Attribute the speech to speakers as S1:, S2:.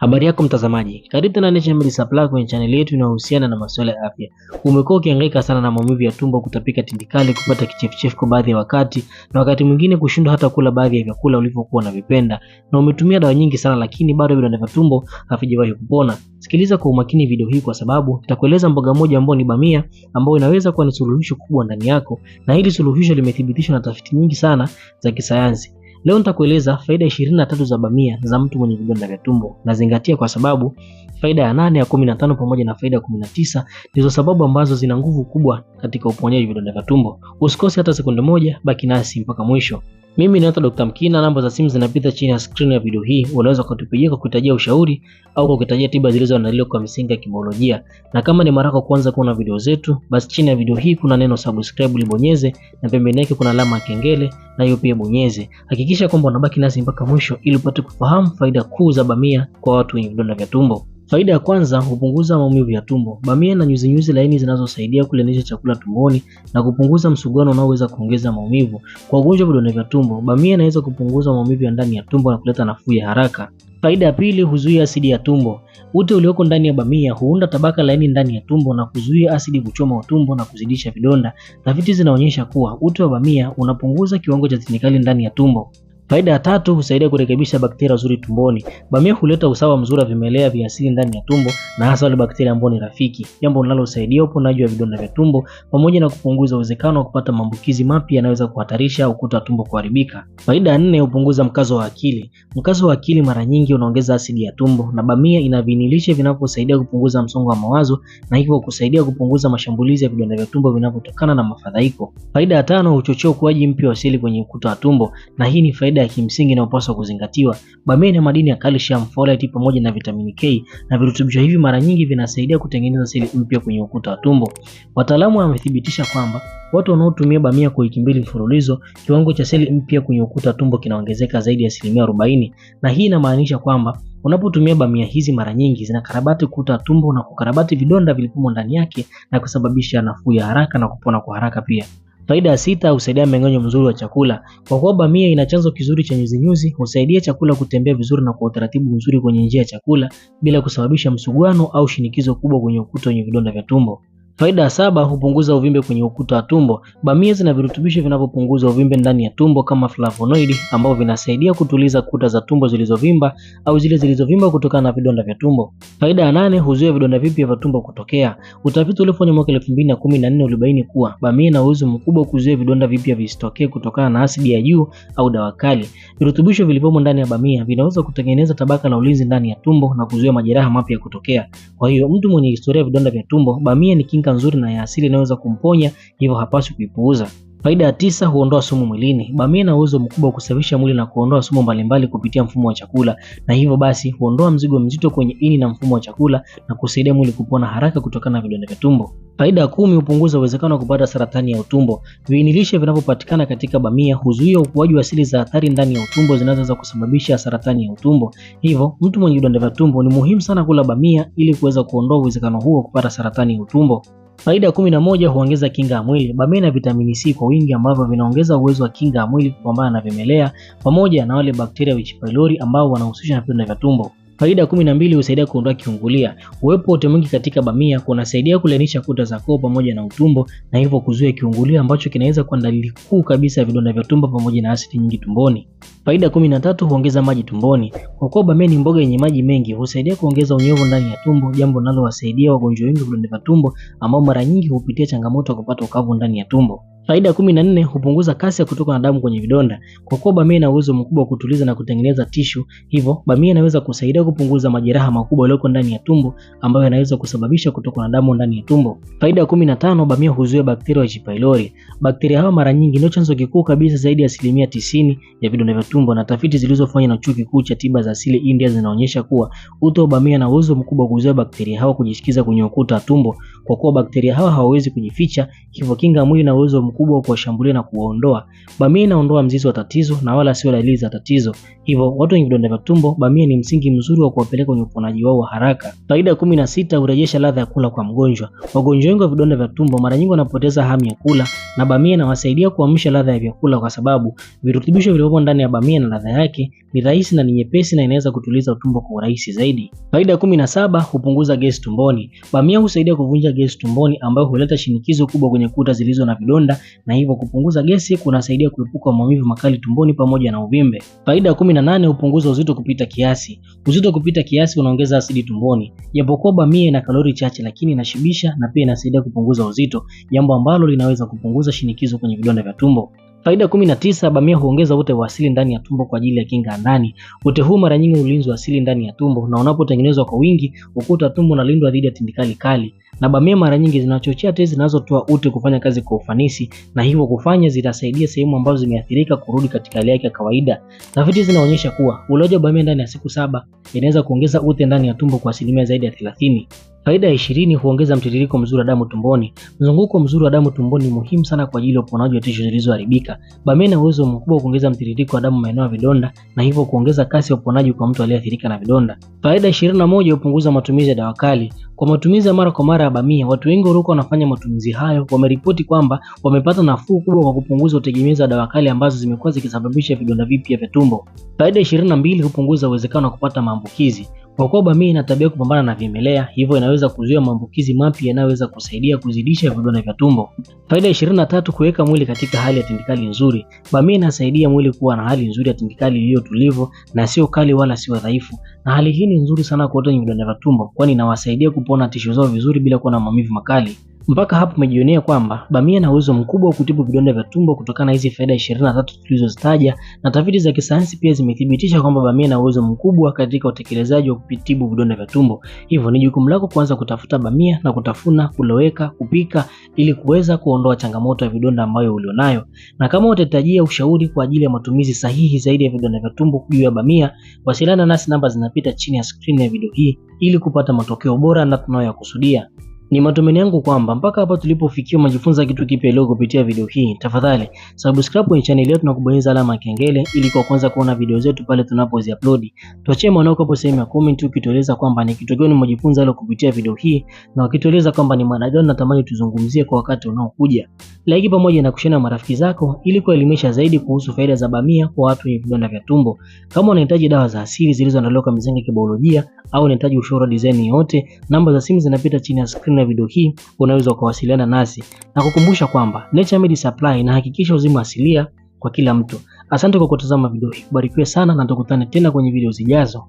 S1: Habari yako mtazamaji, karibu tena Naturemed Supply Supply kwenye chaneli yetu inayohusiana na masuala ya afya. Umekuwa ukihangaika sana na maumivu ya tumbo, kutapika tindikali, kupata kichefuchefu kwa baadhi ya wakati, na wakati mwingine kushindwa hata kula baadhi ya vyakula ulivyokuwa unavipenda, na umetumia dawa nyingi sana, lakini bado vidonda vya tumbo havijawahi kupona. Sikiliza kwa umakini video hii kwa sababu nitakueleza mboga moja ambayo ni bamia, ambayo inaweza kuwa ni suluhisho kubwa ndani yako, na hili suluhisho limethibitishwa na tafiti nyingi sana za kisayansi. Leo nitakueleza faida 23 za bamia za mtu mwenye vidonda vya tumbo, nazingatia kwa sababu faida ya 8 ya 15 pamoja na faida ya 19 ndizo sababu ambazo zina nguvu kubwa katika uponyaji vidonda vya tumbo. Usikose hata sekunde moja, baki nasi mpaka mwisho. Mimi ni Dr. Mkina, namba za simu zinapita chini ya skrini ya video hii. Unaweza kutupigia kwa kuhitajia ushauri au kwa kuhitajia tiba zilizoandaliwa kwa misingi ya kibiolojia. Na kama ni mara yako kwanza kuona video zetu, basi chini ya video hii kuna neno subscribe libonyeze, na pembeni yake kuna alama ya kengele, na hiyo pia bonyeze. Hakikisha kwamba unabaki nasi mpaka mwisho ili upate kufahamu faida kuu za bamia kwa watu wenye vidonda vya tumbo. Faida ya kwanza, hupunguza maumivu ya tumbo. Bamia na nyuzinyuzi laini zinazosaidia kulainisha chakula tumboni na kupunguza msugano unaoweza kuongeza maumivu. Kwa ugonjwa vidonda vya tumbo, bamia inaweza kupunguza maumivu ya ndani ya tumbo na kuleta nafuu ya haraka. Faida ya pili, huzuia asidi ya tumbo. Ute ulioko ndani ya bamia huunda tabaka laini ndani ya tumbo na kuzuia asidi kuchoma utumbo na kuzidisha vidonda. Tafiti zinaonyesha kuwa ute wa bamia unapunguza kiwango cha sinikali ndani ya tumbo. Faida ya tatu, husaidia kurekebisha bakteria nzuri tumboni. Bamia huleta usawa mzuri wa vimelea vya asili ndani ya tumbo na hasa wale bakteria ambao ni rafiki, jambo linalosaidia uponaji wa vidonda vya tumbo pamoja na kupunguza uwezekano wa kupata maambukizi mapya yanayoweza kuhatarisha ukuta wa tumbo kuharibika. Faida ya nne, hupunguza mkazo wa akili. Mkazo wa akili mara nyingi unaongeza asidi ya tumbo na bamia ina viinilishe vinavyosaidia kupunguza msongo wa mawazo na hivyo kusaidia kupunguza mashambulizi ya vidonda vya tumbo vinavyotokana na mafadhaiko. Faida ya tano, huchochea ukuaji mpya wa seli kwenye ukuta wa tumbo na hii ni faida faida ya kimsingi inayopaswa kuzingatiwa. Bamia ina madini ya calcium, folate pamoja na vitamini K na virutubisho hivi mara nyingi vinasaidia kutengeneza seli mpya kwenye ukuta wa tumbo. Wataalamu wamethibitisha kwamba watu wanaotumia bamia kwa wiki mbili mfululizo, kiwango cha seli mpya kwenye ukuta wa tumbo kinaongezeka zaidi ya asilimia 40, na hii inamaanisha kwamba unapotumia bamia hizi mara nyingi zinakarabati kuta tumbo na kukarabati vidonda vilipomo ndani yake na kusababisha nafuu ya haraka na kupona kwa haraka pia. Faida ya sita, husaidia mmeng'enyo mzuri wa chakula. Kwa kuwa bamia ina chanzo kizuri cha nyuzi nyuzi husaidia chakula kutembea vizuri na kwa utaratibu mzuri kwenye njia ya chakula bila kusababisha msuguano au shinikizo kubwa kwenye ukuta wenye vidonda vya tumbo. Faida ya saba, hupunguza uvimbe kwenye ukuta wa tumbo. Bamia zina virutubisho vinavyopunguza uvimbe ndani ya tumbo kama flavonoidi ambao vinasaidia kutuliza kuta za tumbo zilizovimba au zile zilizovimba kutokana na vidonda vya tumbo. Faida ya nane, huzuia vidonda vipya vya tumbo kutokea. Utafiti uliofanywa mwaka 2014 ulibaini kuwa bamia ina uwezo mkubwa kuzuia vidonda vipya visitokee kutokana na asidi ya juu au dawa kali. Virutubisho vilivyomo ndani ya bamia vinaweza kutengeneza tabaka la ulinzi ndani ya tumbo na kuzuia majeraha mapya kutokea. Kwa hiyo mtu mwenye historia ya vidonda vya tumbo, bamia ni kinga kinga nzuri na ya asili inayoweza kumponya, hivyo hapaswi kuipuuza. Faida ya tisa, huondoa sumu mwilini. Bamia ina uwezo mkubwa wa kusafisha mwili na kuondoa sumu mbalimbali kupitia mfumo wa chakula, na hivyo basi huondoa mzigo mzito kwenye ini na mfumo wa chakula na kusaidia mwili kupona haraka kutokana na vidonda vya tumbo. Faida ya kumi, hupunguza uwezekano wa kupata saratani ya utumbo. Viinilishe vinavyopatikana katika bamia huzuia ukuaji wa seli za athari ndani ya utumbo zinazoweza kusababisha saratani ya utumbo. Hivyo mtu mwenye vidonda vya tumbo ni muhimu sana kula bamia ili kuweza kuondoa uwezekano huo wa kupata saratani ya utumbo. Faida ya kumi na moja huongeza kinga ya mwili. Bamia na vitamini C kwa wingi ambavyo vinaongeza uwezo wa kinga ya mwili kupambana na vimelea pamoja na wale bakteria wa H. pylori ambao wanahusishwa na vidonda vya tumbo. Faida ya kumi na mbili husaidia kuondoa kiungulia. Uwepo wa mwingi katika bamia kunasaidia kulainisha kuta za koo pamoja na utumbo na hivyo kuzuia kiungulia ambacho kinaweza kuwa dalili kuu kabisa ya vidonda vya tumbo pamoja na asidi nyingi tumboni. Faida ya kumi na tatu huongeza maji tumboni. Kwa kuwa bamia ni mboga yenye maji mengi, husaidia kuongeza unyevu ndani ya tumbo, jambo linalowasaidia wagonjwa wengi vidonda vya tumbo ambao mara nyingi hupitia changamoto ya kupata ukavu ndani ya tumbo. Faida ya kumi na nne hupunguza kasi ya kutoka na damu kwenye vidonda. Kwa kuwa bamia ina uwezo mkubwa wa kutuliza na kutengeneza tishu, hivyo bamia inaweza kusaidia kupunguza majeraha makubwa yaliyoko ndani ya tumbo ambayo yanaweza kusababisha kutoka na damu ndani ya tumbo. Faida ya kumi na tano bamia huzuia bakteria wa H. pylori. Bakteria hawa mara nyingi ndio chanzo kikuu kabisa, zaidi ya asilimia tisini ya vidonda vya tumbo, na tafiti zilizofanywa na chuo kikuu cha tiba za asili India zinaonyesha kuwa uto wa bamia na uwezo mkubwa wa kuzuia bakteria hawa kujishikiza kwenye ukuta wa tumbo, kwa kuwa bakteria hawa hawawezi kujificha, hivyo kinga mwili na uwezo mkubwa mkubwa wa kuwashambulia na kuwaondoa. Bamia inaondoa mzizi wa tatizo na wala sio dalili za tatizo. Hivyo watu wenye vidonda vya tumbo, bamia ni msingi mzuri wa kuwapeleka kwenye uponaji wao wa haraka. Faida kumi na sita, hurejesha ladha ya kula kwa mgonjwa. Wagonjwa wengi wa vidonda vya tumbo mara nyingi wanapoteza hamu ya kula na bamia inawasaidia kuamsha ladha ya vyakula kwa sababu virutubisho vilivyopo ndani ya bamia na ladha yake ni rahisi na ni nyepesi na inaweza kutuliza utumbo kwa urahisi zaidi. Faida kumi na saba, hupunguza gesi tumboni. Bamia husaidia kuvunja gesi tumboni ambayo huleta shinikizo kubwa kwenye kuta zilizo na vidonda na hivyo kupunguza gesi kunasaidia kuepuka maumivu makali tumboni pamoja na uvimbe. Faida ya kumi na nane, hupunguza uzito kupita kiasi. Uzito kupita kiasi unaongeza asidi tumboni. Japokuwa bamia ina kalori chache, lakini inashibisha na pia inasaidia kupunguza uzito, jambo ambalo linaweza kupunguza shinikizo kwenye vidonda vya tumbo. Faida kumi na tisa, bamia huongeza ute wa asili ndani ya tumbo kwa ajili ya kinga ndani. Ute huu mara nyingi ulinzi wa asili ndani ya tumbo, na unapotengenezwa kwa wingi, ukuta tumbo unalindwa dhidi ya tindikali kali na bamia mara nyingi zinachochea tezi zinazotoa ute kufanya kazi kwa ufanisi, na hivyo kufanya zitasaidia sehemu ambazo zimeathirika kurudi katika hali yake ya kawaida. Tafiti zinaonyesha kuwa ulaji wa bamia ndani ya siku saba inaweza kuongeza ute ndani ya tumbo kwa asilimia zaidi ya 30. Faida ya ishirini, huongeza mtiririko mzuri wa damu tumboni. Mzunguko mzuri wa damu tumboni ni muhimu sana kwa ajili ya uponaji wa tishu zilizoharibika. Bamia ina uwezo mkubwa wa kuongeza mtiririko wa damu maeneo ya vidonda, na hivyo kuongeza kasi ya uponaji kwa mtu aliyeathirika na vidonda. Faida ishirini na moja, hupunguza matumizi ya dawa kali. Kwa matumizi ya mara kwa mara ya bamia, watu wengi waliokuwa wanafanya matumizi hayo wameripoti kwamba wamepata nafuu kubwa kwa kupunguza utegemezi wa dawa kali ambazo zimekuwa zikisababisha vidonda vipya vya tumbo. Faida 22: hupunguza uwezekano wa kupata maambukizi. Kwa kuwa bamia ina tabia kupambana na vimelea, hivyo inaweza kuzuia maambukizi mapya yanayoweza kusaidia kuzidisha vidonda vya tumbo. Faida ya 23, kuweka mwili katika hali ya tindikali nzuri. Bamia inasaidia mwili kuwa na hali nzuri ya tindikali iliyo tulivu na sio kali wala sio dhaifu, na hali hii ni nzuri sana kwa watu wenye vidonda vya tumbo, kwani inawasaidia kupona tishu zao vizuri bila kuwa na maumivu makali. Mpaka hapo umejionea kwamba bamia ina uwezo mkubwa wa kutibu vidonda vya tumbo kutokana na hizi faida 23 tulizozitaja, na tafiti za kisayansi pia zimethibitisha kwamba bamia ina uwezo mkubwa katika utekelezaji wa kutibu vidonda vya tumbo. Hivyo ni jukumu lako kuanza kutafuta bamia na kutafuna, kuloweka, kupika ili kuweza kuondoa changamoto ya vidonda ambayo ulionayo. Na kama utahitajia ushauri kwa ajili ya matumizi sahihi zaidi ya vidonda vya tumbo juu ya bamia, wasiliana nasi, namba zinapita chini ya skrini ya video hii ili kupata matokeo bora na tunayoyakusudia. Ni matumaini yangu kwamba mpaka hapa tulipofikia umejifunza kitu kipya leo kupitia video hii. Tafadhali subscribe kwenye channel yetu na kubonyeza alama ya kengele ili kwa kwanza kuona video zetu pale tunapozi upload. Tuachie maoni yako hapo sehemu ya comment ukitueleza kwamba ni kitu gani umejifunza leo kupitia video hii na ukitueleza kwamba ni mada gani natamani tuzungumzie kwa wakati unaokuja. Like pamoja na kushare na marafiki zako ili kuelimisha zaidi kuhusu faida za bamia kwa watu wenye vidonda vya tumbo. Kama unahitaji dawa za asili zilizoandaliwa kwa mizinga ya kibiolojia au unahitaji ushauri design yote, namba za simu zinapita chini ya screen ya video hii unaweza ukawasiliana nasi na kukumbusha kwamba Naturemed Supply inahakikisha uzima asilia kwa kila mtu. Asante kwa kutazama video hii, barikiwe sana na tukutane tena kwenye video zijazo.